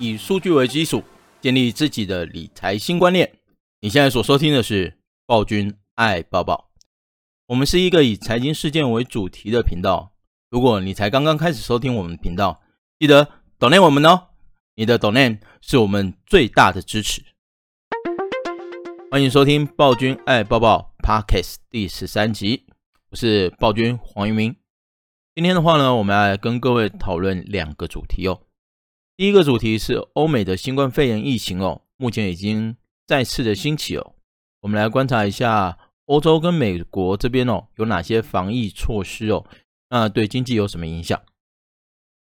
以數據為基礎，建立自己的理財新觀念。你現在所收聽的是《暴君愛抱抱》，我們是一個以財經事件為主題的頻道。如果你才剛剛開始收聽我們頻道，記得 Donate 我們哦，你的 Donate 是我們最大的支持。歡迎收聽《暴君愛抱抱》Podcast 第十三集，我是暴君黃於銘。今天的話呢，我們來跟各位討論兩個主題哦。第一個主題是歐美的新冠肺炎疫情哦，目前已經再次的興起哦。我們來觀察一下歐洲跟美國這邊哦，有哪些防疫措施哦？那對經濟有什麼影響？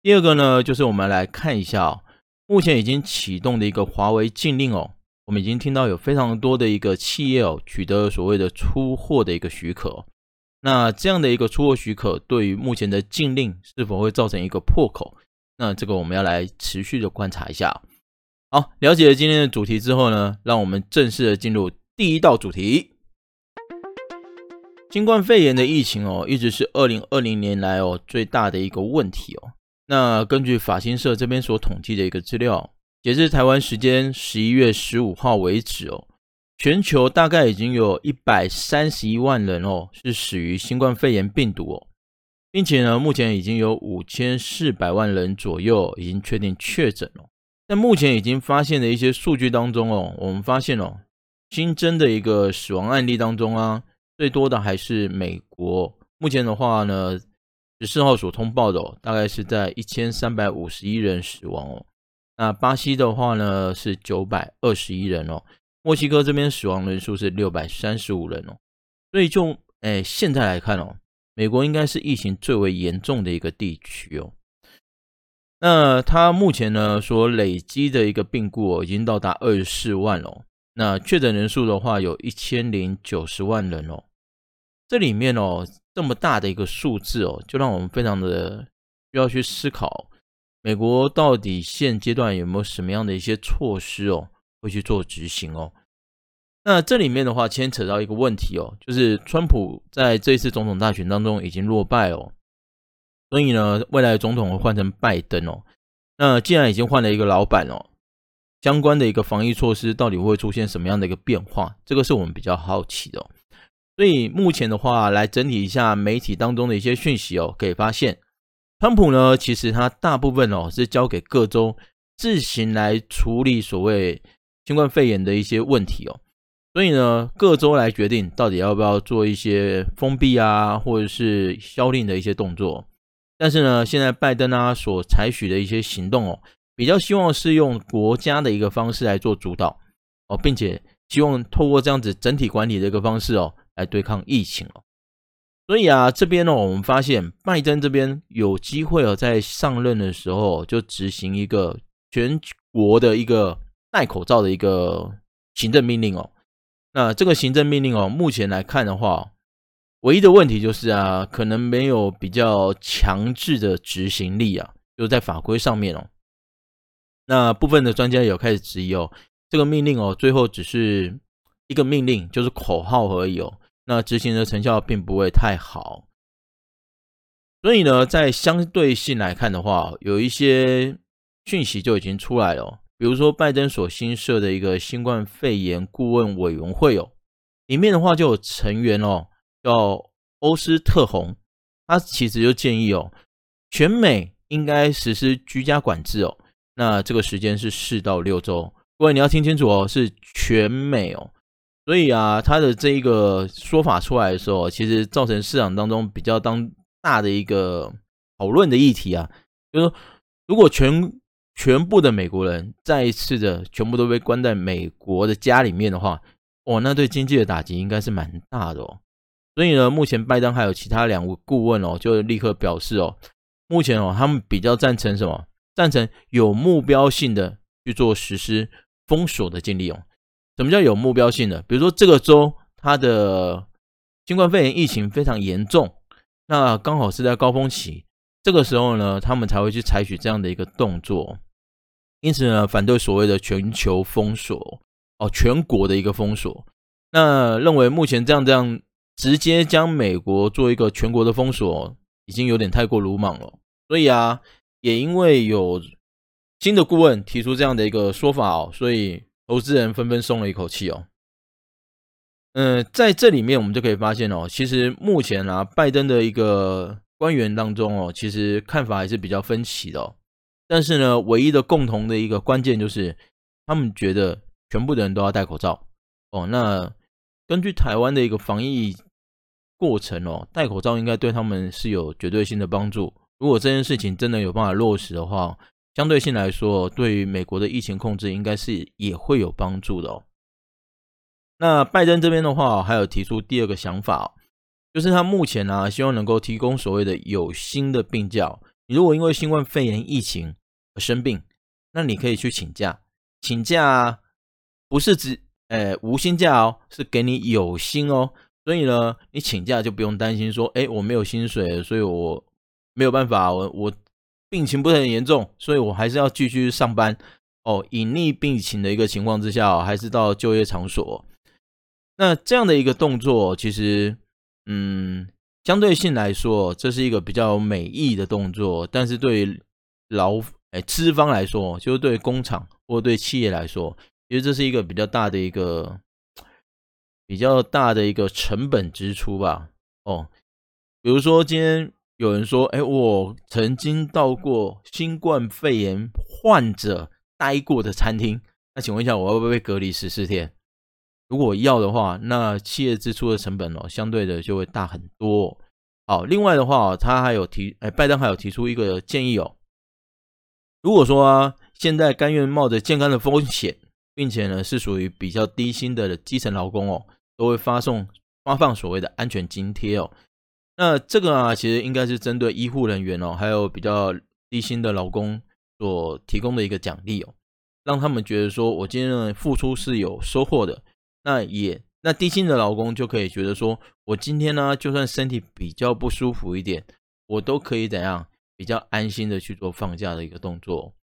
第二個呢，就是我們來看一下哦，目前已經啟動的一個華為禁令哦。我們已經聽到有非常多的一個企業哦，取得了所謂的出貨的一個許可。那這樣的一個出貨許可，對於目前的禁令是否會造成一個破口？那這個我們要來持續的觀察一下，好，了解了今天的主題之後呢，讓我們正式的進入第一道主題。新冠肺炎的疫情哦，一直是二零二零年來哦，最大的一個問題哦。那根據法新社這邊所統計的一個資料，截至台灣時間十一月十五號為止哦，全球大概已經有一百三十一萬人哦，是死於新冠肺炎病毒哦。並且呢，目前已經有五千四百萬人左右已經確定確診了。在目前已經發現的一些數據當中哦，我們發現哦，新增的一個死亡案例當中啊，最多的還是美國。目前的話呢，十四號所通報的哦，大概是在一千三百五十一人死亡哦。那巴西的話呢是九百二十一人哦。墨西哥這邊死亡人數是六百三十五人哦。所以就哎，現在來看哦。美國應該是疫情最為嚴重的一個地區哦。那它目前呢，所累積的一個病故哦，已經到達二十四萬了哦。那確診人數的話，有一千零九十萬人哦。這裡面哦，這麼大的一個數字哦，就讓我們非常的需要去思考，美國到底現階段有沒有什麼樣的一些措施哦，會去做執行哦。那這裡面的話牽扯到一個問題哦，就是川普在這次總統大選當中已經落敗哦，所以呢，未來總統會換成拜登哦。那既然已經換了一個老闆哦，相關的一個防疫措施到底會出現什麼樣的一個變化？這個是我們比較好奇的哦。所以目前的話，來整理一下媒體當中的一些訊息哦，可以發現，川普呢，其實他大部分哦是交給各州自行來處理所謂新冠肺炎的一些問題哦。所以呢，各州來決定到底要不要做一些封閉啊，或者是宵禁的一些動作。但是呢，現在拜登啊所採取的一些行動哦，比較希望是用國家的一個方式來做主導哦，並且希望透過這樣子整體管理的一個方式哦，來對抗疫情哦。所以啊，這邊呢，哦，我們發現拜登這邊有機會哦，在上任的時候就執行一個全國的一個戴口罩的一個行政命令哦。那這個行政命令哦，目前來看的話，唯一的問題就是啊，可能沒有比較強制的執行力啊，就是在法規上面哦。那部分的專家有開始質疑哦，這個命令哦，最後只是一個命令，就是口號而已哦。那執行的成效並不會太好。所以呢，在相對性來看的話，有一些訊息就已經出來了哦。比如說，拜登所新設的一個新冠肺炎顧問委員會哦，裡面的話就有成員哦，叫歐斯特洪，他其實就建議哦，全美應該實施居家管制哦。那這個時間是四到六周，各位你要聽清楚哦，是全美哦。所以啊，他的這一個說法出來的時候，其實造成市場當中比較當大的一個討論的議題啊，就是說如果全。全部的美國人再一次的全部都被關在美國的家裡面的話，哦，那對經濟的打擊應該是蠻大的哦。所以呢，目前拜登還有其他兩個顧問哦，就立刻表示哦，目前哦，他們比較贊成什麼？贊成有目標性的去做實施封鎖的禁令哦。什麼叫有目標性的？比如說，這個州它的新冠肺炎疫情非常嚴重，那剛好是在高峰期，這個時候呢，他們才會去採取這樣的一個動作。因此呢，反對所謂的全球封鎖哦，全國的一個封鎖。那認為目前這樣這樣直接將美國做一個全國的封鎖，已經有點太過魯莽了。所以啊，也因為有新的顧問提出這樣的一個說法哦，所以投資人紛紛鬆了一口氣哦。嗯、呃，在這裡面我們就可以發現哦，其實目前啊，拜登的一個官員當中哦，其實看法還是比較分歧的哦。但是呢，唯一的共同的一個關鍵就是，他們覺得全部的人都要戴口罩哦。那根據台灣的一個防疫過程哦，戴口罩應該對他們是有絕對性的幫助。如果這件事情真的有辦法落實的話，相對性來說，對於美國的疫情控制應該是也會有幫助的、哦。那拜登這邊的話，還有提出第二個想法，就是他目前呢、啊，希望能夠提供所謂的有薪的病假，如果因為新冠肺炎疫情。生病，那你可以去請假。請假不是指誒無薪假哦，是給你有薪哦。所以呢，你請假就不用擔心說，哎，我沒有薪水，所以我沒有辦法。我我病情不是很嚴重，所以我還是要繼續上班哦。隱匿病情的一個情況之下哦，還是到就業場所。那這樣的一個動作，其實嗯，相對性來說，這是一個比較美意的動作，但是對於老哎，資方來說，就是對工廠或對企業來說，其實這是一個比較大的一個比較大的一個成本支出吧。哦，比如說今天有人說，哎，我曾經到過新冠肺炎患者待過的餐廳，那請問一下，我要不要被隔離十四天？如果要的話，那企業支出的成本哦，相對的就會大很多。好，另外的話，他還有提，哎，拜登還有提出一個建議哦。如果說啊，現在甘願冒着健康的風險，並且呢是屬於比較低薪的基層勞工哦，都會發送發放所謂的安全津貼哦，那這個啊其實應該是針對醫護人員哦，還有比較低薪的勞工所提供的一個獎勵哦，讓他們覺得說我今天的付出是有收穫的。那也那低薪的勞工就可以覺得說我今天呢、啊、就算身體比較不舒服一點，我都可以怎樣？比較安心的去做放假的一個動作，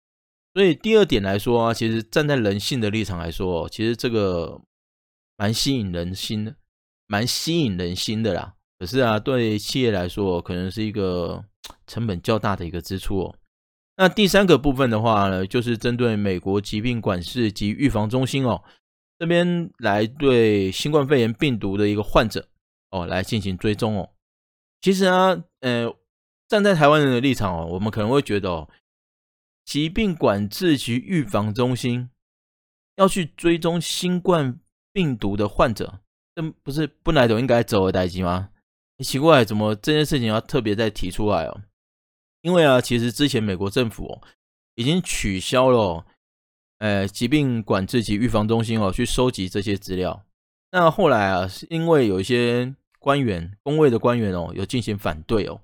所以第二點來說啊，其實站在人性的立場來說，其實這個蠻吸引人心的，蠻吸引人心的啦。可是啊，對企業來說，可能是一個成本較大的一個支出哦。那第三個部分的話呢，就是針對美國疾病管制及預防中心哦、喔、這邊來對新冠肺炎病毒的一個患者哦、喔、來進行追蹤哦。其實啊，呃。站在台灣人的立場哦，我們可能會覺得哦，疾病管制及預防中心要去追蹤新冠病毒的患者，這不是本來就應該走的代誌嗎？你奇怪，怎麼這件事情要特別再提出來哦？因為啊，其實之前美國政府哦，已經取消了，呃，疾病管制及預防中心哦，去收集這些資料。那後來啊，是因為有一些官員，公衛的官員哦，有進行反對哦。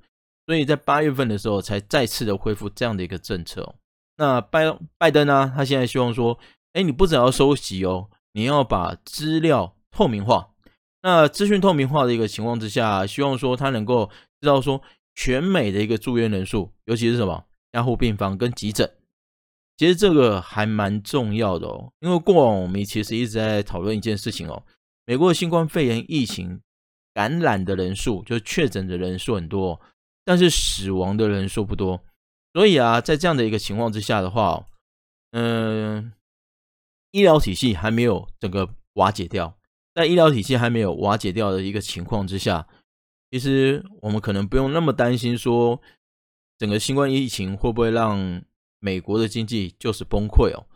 所以在八月份的時候，才再次的恢復這樣的一個政策，哦。那拜拜登啊，他現在希望說，哎，你不只要收集哦，你要把資料透明化。那資訊透明化的一個情況之下，希望說他能夠知道說全美的一個住院人數，尤其是什麼加護病房跟急診。其實這個還蠻重要的哦，因為過往我們其實一直在討論一件事情哦，美國的新冠肺炎疫情感染的人數，就確診的人數很多，哦。但是死亡的人數不多，所以啊，在這樣的一個情況之下的話，嗯、呃，醫療體系還沒有整個瓦解掉，在醫療體系還沒有瓦解掉的一個情況之下，其實我們可能不用那麼擔心說，整個新冠疫情會不會讓美國的經濟就是崩潰哦。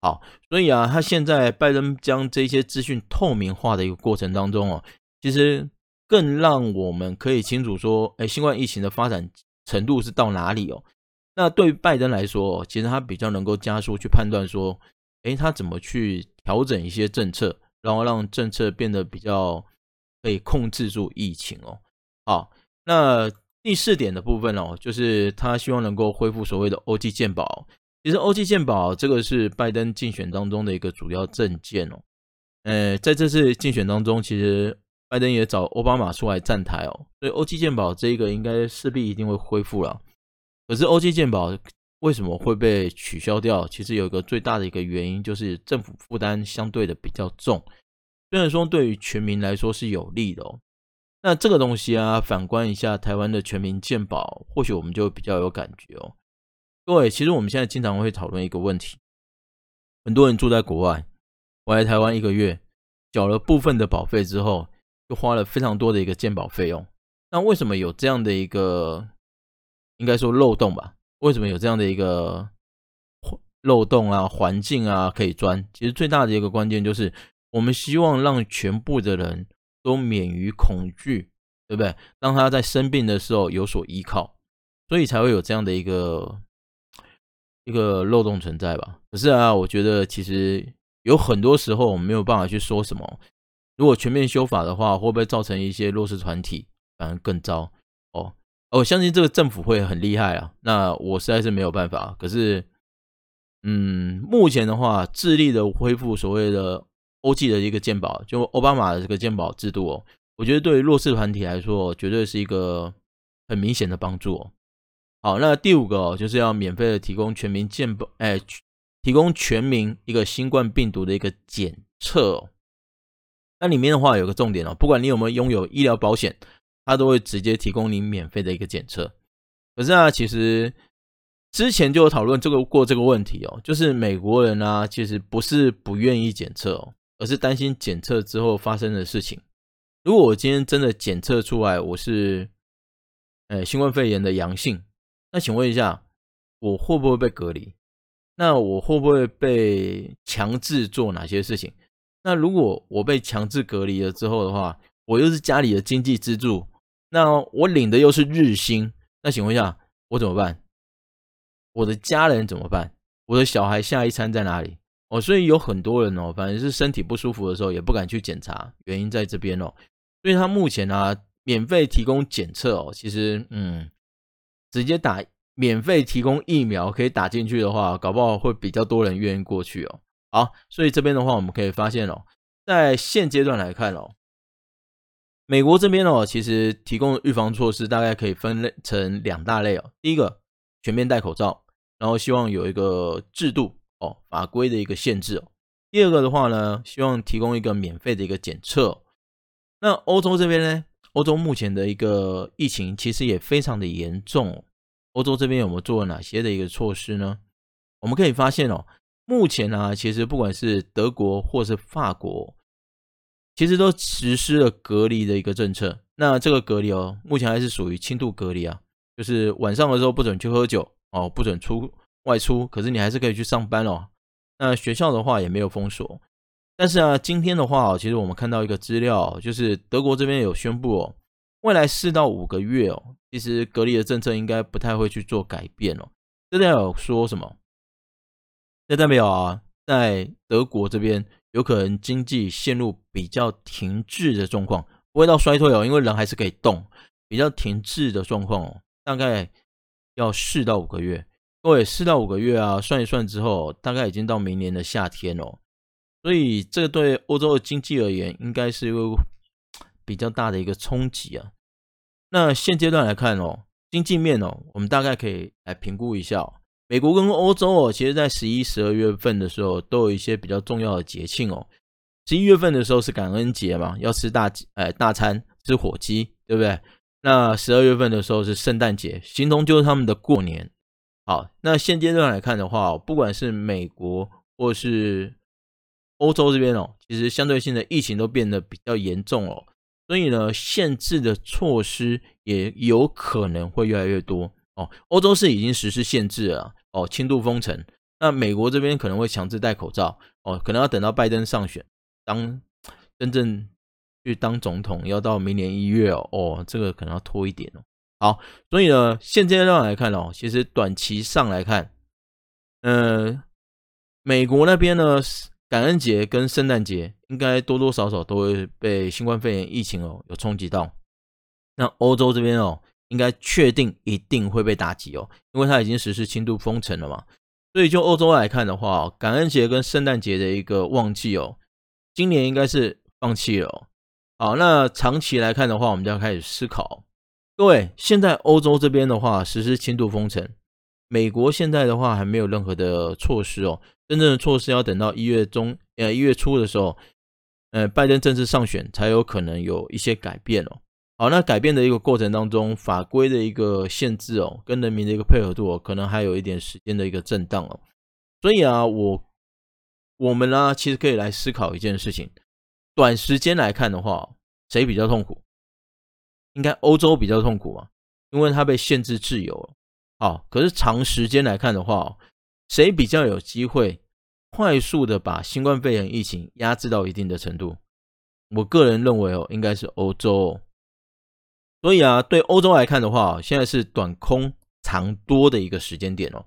好，所以啊，他現在拜登將這些資訊透明化的一個過程當中哦，其實。更讓我們可以清楚說，哎，新冠疫情的發展程度是到哪裡哦？那對於拜登來說，其實他比較能夠加速去判斷說，誒，他怎麼去調整一些政策，然後讓政策變得比較可以控制住疫情哦。好，那第四點的部分哦，就是他希望能夠恢復所謂的歐記健保。其實歐記健保這個是拜登競選當中的一個主要政見哦。呃，在這次競選當中，其實。拜登也找奧巴馬出來站台哦，所以歐記健保這一個應該勢必一定會恢復了。可是歐記健保為什麼會被取消掉？其實有一個最大的一個原因就是政府負擔相對的比較重，雖然說對於全民來說是有利的。哦，那這個東西啊，反觀一下台灣的全民健保，或許我們就比較有感覺哦。各位，其實我們現在經常會討論一個問題：很多人住在國外，我來台灣一個月，繳了部分的保費之後。就花了非常多的一個健保費用，那為什麼有這樣的一個，應該說漏洞吧？為什麼有這樣的一個漏洞啊、環境啊可以鑽？其實最大的一個關鍵就是，我們希望讓全部的人都免於恐懼，對不對？讓他在生病的時候有所依靠，所以才會有這樣的一個一個漏洞存在吧。可是啊，我覺得其實有很多時候我們沒有辦法去說什麼。如果全面修法的話，會不會造成一些弱勢團體反而更糟哦？我、哦、相信這個政府會很厲害啊。那我實在是沒有辦法。可是，嗯，目前的話，致力的恢復所謂的歐記的一個健保，就奧巴馬的這個健保制度、哦，我覺得對於弱勢團體來說、哦，絕對是一個很明顯的幫助。哦。好，那第五個、哦、就是要免費的提供全民健保，哎，提供全民一個新冠病毒的一個檢測、哦。那裡面的話有個重點哦，不管你有沒有擁有醫療保險，它都會直接提供你免費的一個檢測。可是啊，其實之前就有討論這個過這個問題哦，就是美國人啊，其實不是不願意檢測哦，而是擔心檢測之後發生的事情。如果我今天真的檢測出來我是，誒、呃，新冠肺炎的陽性，那請問一下，我會不會被隔離？那我會不會被強制做哪些事情？那如果我被強制隔離了之後的話，我又是家裡的經濟支柱，那我領的又是日薪，那請問一下，我怎麼辦？我的家人怎麼辦？我的小孩下一餐在哪裡？哦，所以有很多人哦，反正是身體不舒服的時候也不敢去檢查，原因在這邊哦。所以他目前呢、啊，免費提供檢測哦，其實嗯，直接打，免費提供疫苗可以打進去的話，搞不好會比較多人願意過去哦。好，所以這邊的話，我們可以發現哦，在現階段來看哦，美國這邊哦，其實提供的預防措施大概可以分類成兩大類哦。第一個，全面戴口罩，然後希望有一個制度哦、法規的一個限制哦。第二個的話呢，希望提供一個免費的一個檢測哦。那歐洲這邊呢，歐洲目前的一個疫情其實也非常的嚴重哦。歐洲這邊有沒有做了哪些的一個措施呢？我們可以發現哦。目前啊，其實不管是德國或是法國，其實都實施了隔離的一個政策。那這個隔離哦，目前還是屬於輕度隔離啊，就是晚上的時候不准去喝酒哦，不准出外出，可是你還是可以去上班哦。那學校的話也沒有封鎖。但是啊，今天的話哦，其實我們看到一個資料，就是德國這邊有宣布哦，未來四到五個月哦，其實隔離的政策應該不太會去做改變哦。這裡有說什麼？這代表啊，在德國這邊有可能經濟陷入比較停滯的狀況，不會到衰退哦，因為人還是可以動，比較停滯的狀況，哦，大概要四到五個月。各位，四到五個月啊，算一算之後，大概已經到明年的夏天哦，所以這個對歐洲的經濟而言，應該是一個比較大的一個衝擊啊。那現階段來看哦，經濟面哦，我們大概可以來評估一下哦。美國跟歐洲哦，其實在十一、十二月份的時候，都有一些比較重要的節慶哦。十一月份的時候是感恩節嘛，要吃大，哎，大餐，吃火雞，對不對？那十二月份的時候是聖誕節，形同就是他們的過年。好，那現階段來看的話哦，不管是美國或是歐洲這邊哦，其實相對性的疫情都變得比較嚴重哦，所以呢，限制的措施也有可能會越來越多。哦，歐洲是已經實施限制了哦，輕度封城。那美國這邊可能會強制戴口罩哦，可能要等到拜登上選當真正去當總統，要到明年一月哦，哦，這個可能要拖一點哦。好，所以呢，現階段來看哦，其實短期上來看，呃，美國那邊呢，感恩節跟聖誕節應該多多少少都會被新冠肺炎疫情哦有衝擊到。那歐洲這邊哦。應該確定一定會被打擊哦，因為它已經實施輕度封城了嘛。所以，就歐洲來看的話，感恩節跟聖誕節的一個旺季哦，今年應該是放棄了哦。好，那長期來看的話，我們就要開始思考。各位，現在歐洲這邊的話實施輕度封城，美國現在的話還沒有任何的措施哦，真正的措施要等到一月中，呃，一月初的時候，呃，拜登政治上選才有可能有一些改變哦。好，那改變的一個過程當中，法規的一個限制哦，跟人民的一個配合度哦，可能還有一點時間的一個震盪哦。所以啊，我我們呢、啊，其實可以來思考一件事情：短時間來看的話，誰比較痛苦？應該歐洲比較痛苦嘛，因為它被限制自由了。好，可是長時間來看的話，誰比較有機會快速的把新冠肺炎疫情壓制到一定的程度？我個人認為哦，應該是歐洲哦。所以啊，對歐洲來看的話，現在是短空長多的一個時間點哦。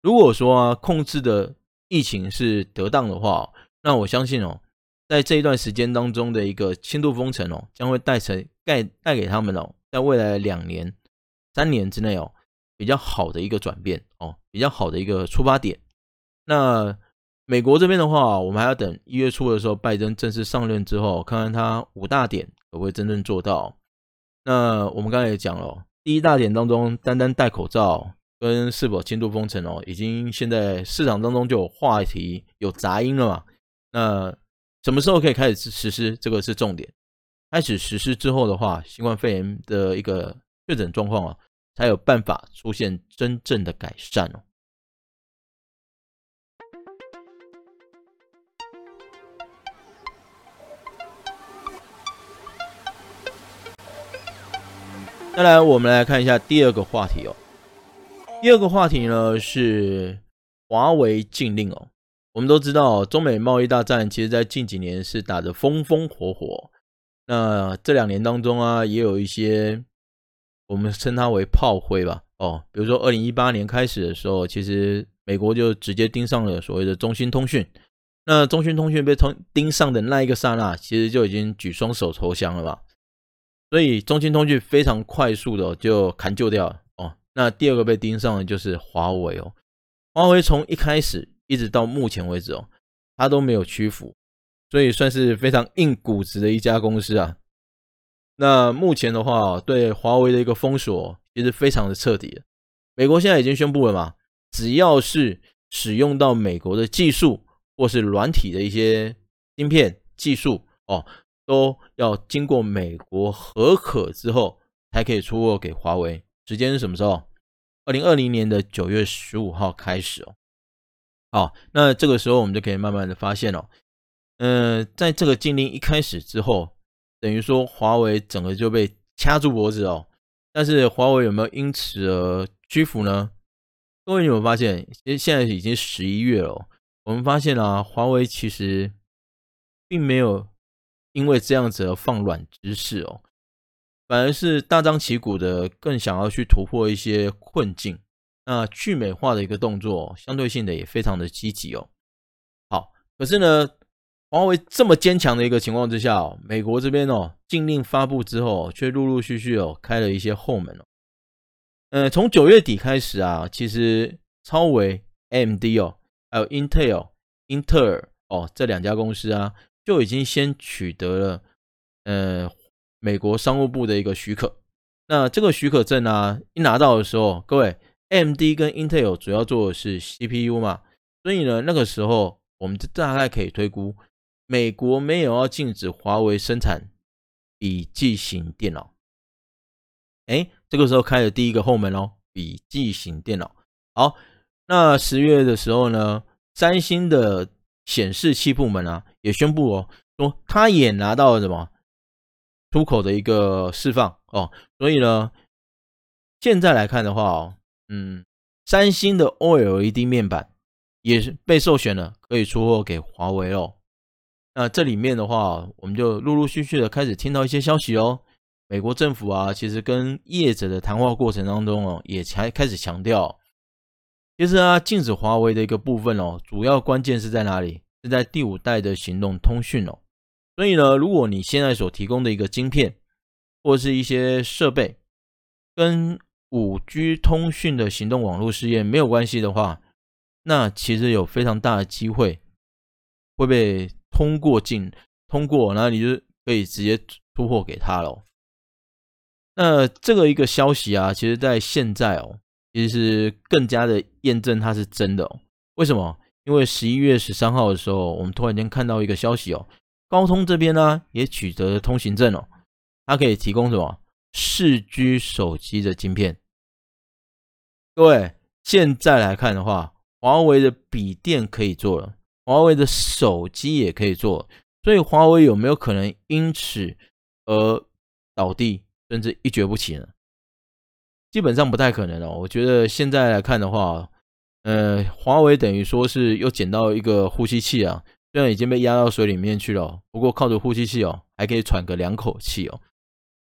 如果說啊，控制的疫情是得當的話，那我相信哦，在這一段時間當中的一個輕度封城哦，將會帶成帶帶給他們哦，在未來兩年三年之內哦，比較好的一個轉變哦，比較好的一個出發點。那美國這邊的話，我們還要等一月初的時候，拜登正式上任之後，看看他五大點可不可以真正做到。那我們剛才也講了哦，第一大點當中，單單戴口罩跟是否輕度封城哦，已經現在市場當中就有話題、有雜音了嘛。那什麼時候可以開始實施？這個是重點。開始實施之後的話，新冠肺炎的一個確診狀況啊，才有辦法出現真正的改善哦。再來，我們來看一下第二個話題哦。第二個話題呢是華為禁令哦。我們都知道，中美貿易大戰其實，在近幾年是打得風風火火。那這兩年當中啊，也有一些我們稱它為炮灰吧。哦，比如說二零一八年開始的時候，其實美國就直接盯上了所謂的中興通訊。那中興通訊被通盯上的那一個剎那，其實就已經舉雙手投降了吧。所以中興通訊非常快速的就砍舊掉了哦，那第二個被盯上的就是華為哦。華為從一開始一直到目前為止哦，它都沒有屈服，所以算是非常硬骨子的一家公司啊。那目前的話，哦，對華為的一個封鎖也是非常的徹底。美國現在已經宣布了嘛，只要是使用到美國的技術或是軟體的一些芯片技術哦。都要經過美國核可之後，才可以出貨給華為。時間是什麼時候？二零二零年的九月十五號開始哦。好，那這個時候我們就可以慢慢的發現哦，嗯、呃，在這個禁令一開始之後，等於說華為整個就被掐住脖子哦。但是華為有沒有因此而屈服呢？各位有沒有發現？其實現在已經十一月了，我們發現啊，華為其實並沒有。因為這樣子的放軟姿勢哦，反而是大張旗鼓的更想要去突破一些困境，那去美化的一個動作、哦，相對性的也非常的積極哦。好，可是呢，華為這麼堅強的一個情況之下、哦，美國這邊哦禁令發布之後、哦，卻陸陸續續哦開了一些後門哦嗯、呃，從九月底開始啊，其實超微、AMD 哦，還有 Int Intel、哦、英特爾哦這兩家公司啊。就已經先取得了呃美國商務部的一個許可，那這個許可證啊一拿到的時候，各位 AMD 跟 Intel 主要做的是 CPU 嘛，所以呢那個時候我們就大概可以推估，美國沒有要禁止華為生產筆記型電腦，哎，這個時候開了第一個後門哦，筆記型電腦。好，那十月的時候呢，三星的。顯示器部門啊，也宣布哦，說他也拿到了什麼出口的一個釋放哦，所以呢，現在來看的話哦，嗯，三星的 OLED 面板也是被授權了，可以出貨給華為哦。那這裡面的話，我們就陸陸續續的開始聽到一些消息哦。美國政府啊，其實跟業者的談話過程當中哦、啊，也才開始強調。其實啊，禁止華為的一個部分哦，主要關鍵是在哪裡？是在第五代的行動通訊哦。所以呢，如果你現在所提供的一個晶片，或是一些設備，跟五 G 通訊的行動網絡試驗沒有關係的話，那其實有非常大的機會會被通過進，通過，那你就可以直接出貨給他咯、哦。那這個一個消息啊，其實在現在哦。其實是更加的驗證它是真的哦。為什麼？因為十一月十三號的時候，我們突然間看到一個消息哦，高通這邊呢、啊、也取得了通行證哦，它可以提供什麼？四 G 手機的晶片。各位現在來看的話，華為的筆電可以做了，華為的手機也可以做了，所以華為有沒有可能因此而倒地，甚至一蹶不起呢？基本上不太可能哦，我覺得現在來看的話，呃，華為等於說是又撿到一個呼吸器啊，雖然已經被壓到水裡面去了，不過靠着呼吸器哦，還可以喘個兩口氣哦。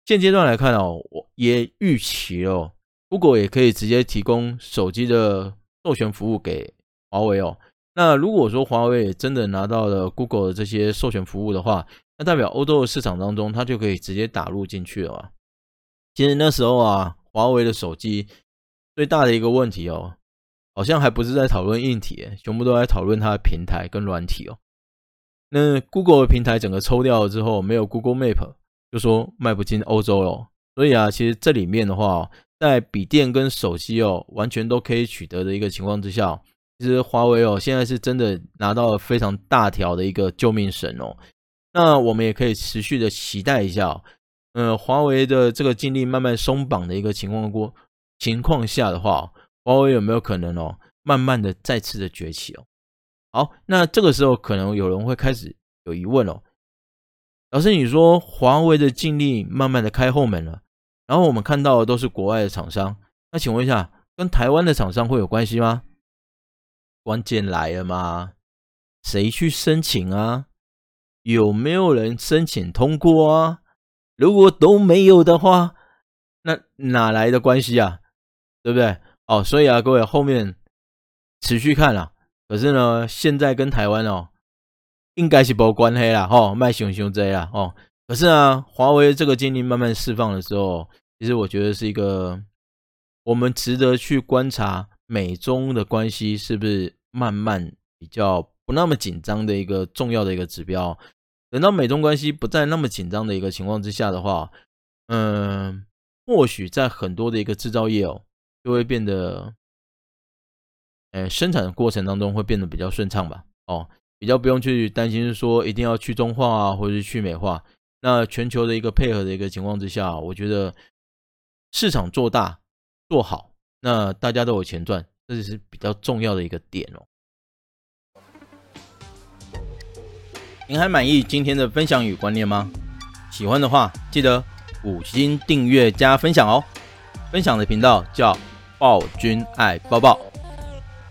現階段來看哦，我也預期哦，Google 也可以直接提供手機的授權服務給華為哦。那如果說華為真的拿到了 Google 的這些授權服務的話，那代表歐洲的市場當中，它就可以直接打入進去了啊。其實那時候啊。華為的手機最大的一個問題哦，好像還不是在討論硬體，全部都在討論它的平台跟軟體哦。那 Google 的平台整個抽掉了之後，沒有 Google Map，就說賣不進歐洲了。所以啊，其實這裡面的話，在筆電跟手機哦，完全都可以取得的一個情況之下，其實華為哦，現在是真的拿到了非常大條的一個救命繩哦。那我們也可以持續的期待一下哦。嗯，華、呃、為的這個禁令慢慢鬆綁的一個情況過情況下的話，華為有沒有可能哦，慢慢的再次的崛起哦？好，那這個時候可能有人會開始有疑問哦，老師，你說華為的禁令慢慢的開後門了，然後我們看到的都是國外的廠商，那請問一下，跟台灣的廠商會有關係嗎？關鍵來了嗎？誰去申請啊？有沒有人申請通過啊？如果都沒有的話，那哪來的關係啊？對不對？哦，所以啊，各位後面持續看啊。可是呢，現在跟台灣哦，應該是無關係啦，吼賣熊熊這樣啦，哦。可是呢，華為這個禁令慢慢釋放的時候，其實我覺得是一個我們值得去觀察美中的關係是不是慢慢比較不那麼緊張的一個重要的一個指標。等到美中關係不再那麼緊張的一個情況之下的話，嗯，或許在很多的一個製造業哦，就會變得、欸，生產的過程當中會變得比較順暢吧。哦，比較不用去擔心說一定要去中化啊，或者是去美化。那全球的一個配合的一個情況之下，我覺得市場做大做好，那大家都有錢賺，這是比較重要的一個點哦。您還滿意今天的分享與觀念嗎？喜歡的話，記得五星訂閱加分享哦。分享的頻道叫暴君愛抱抱。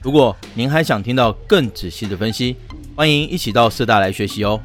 如果您還想聽到更仔細的分析，歡迎一起到社大來學習哦。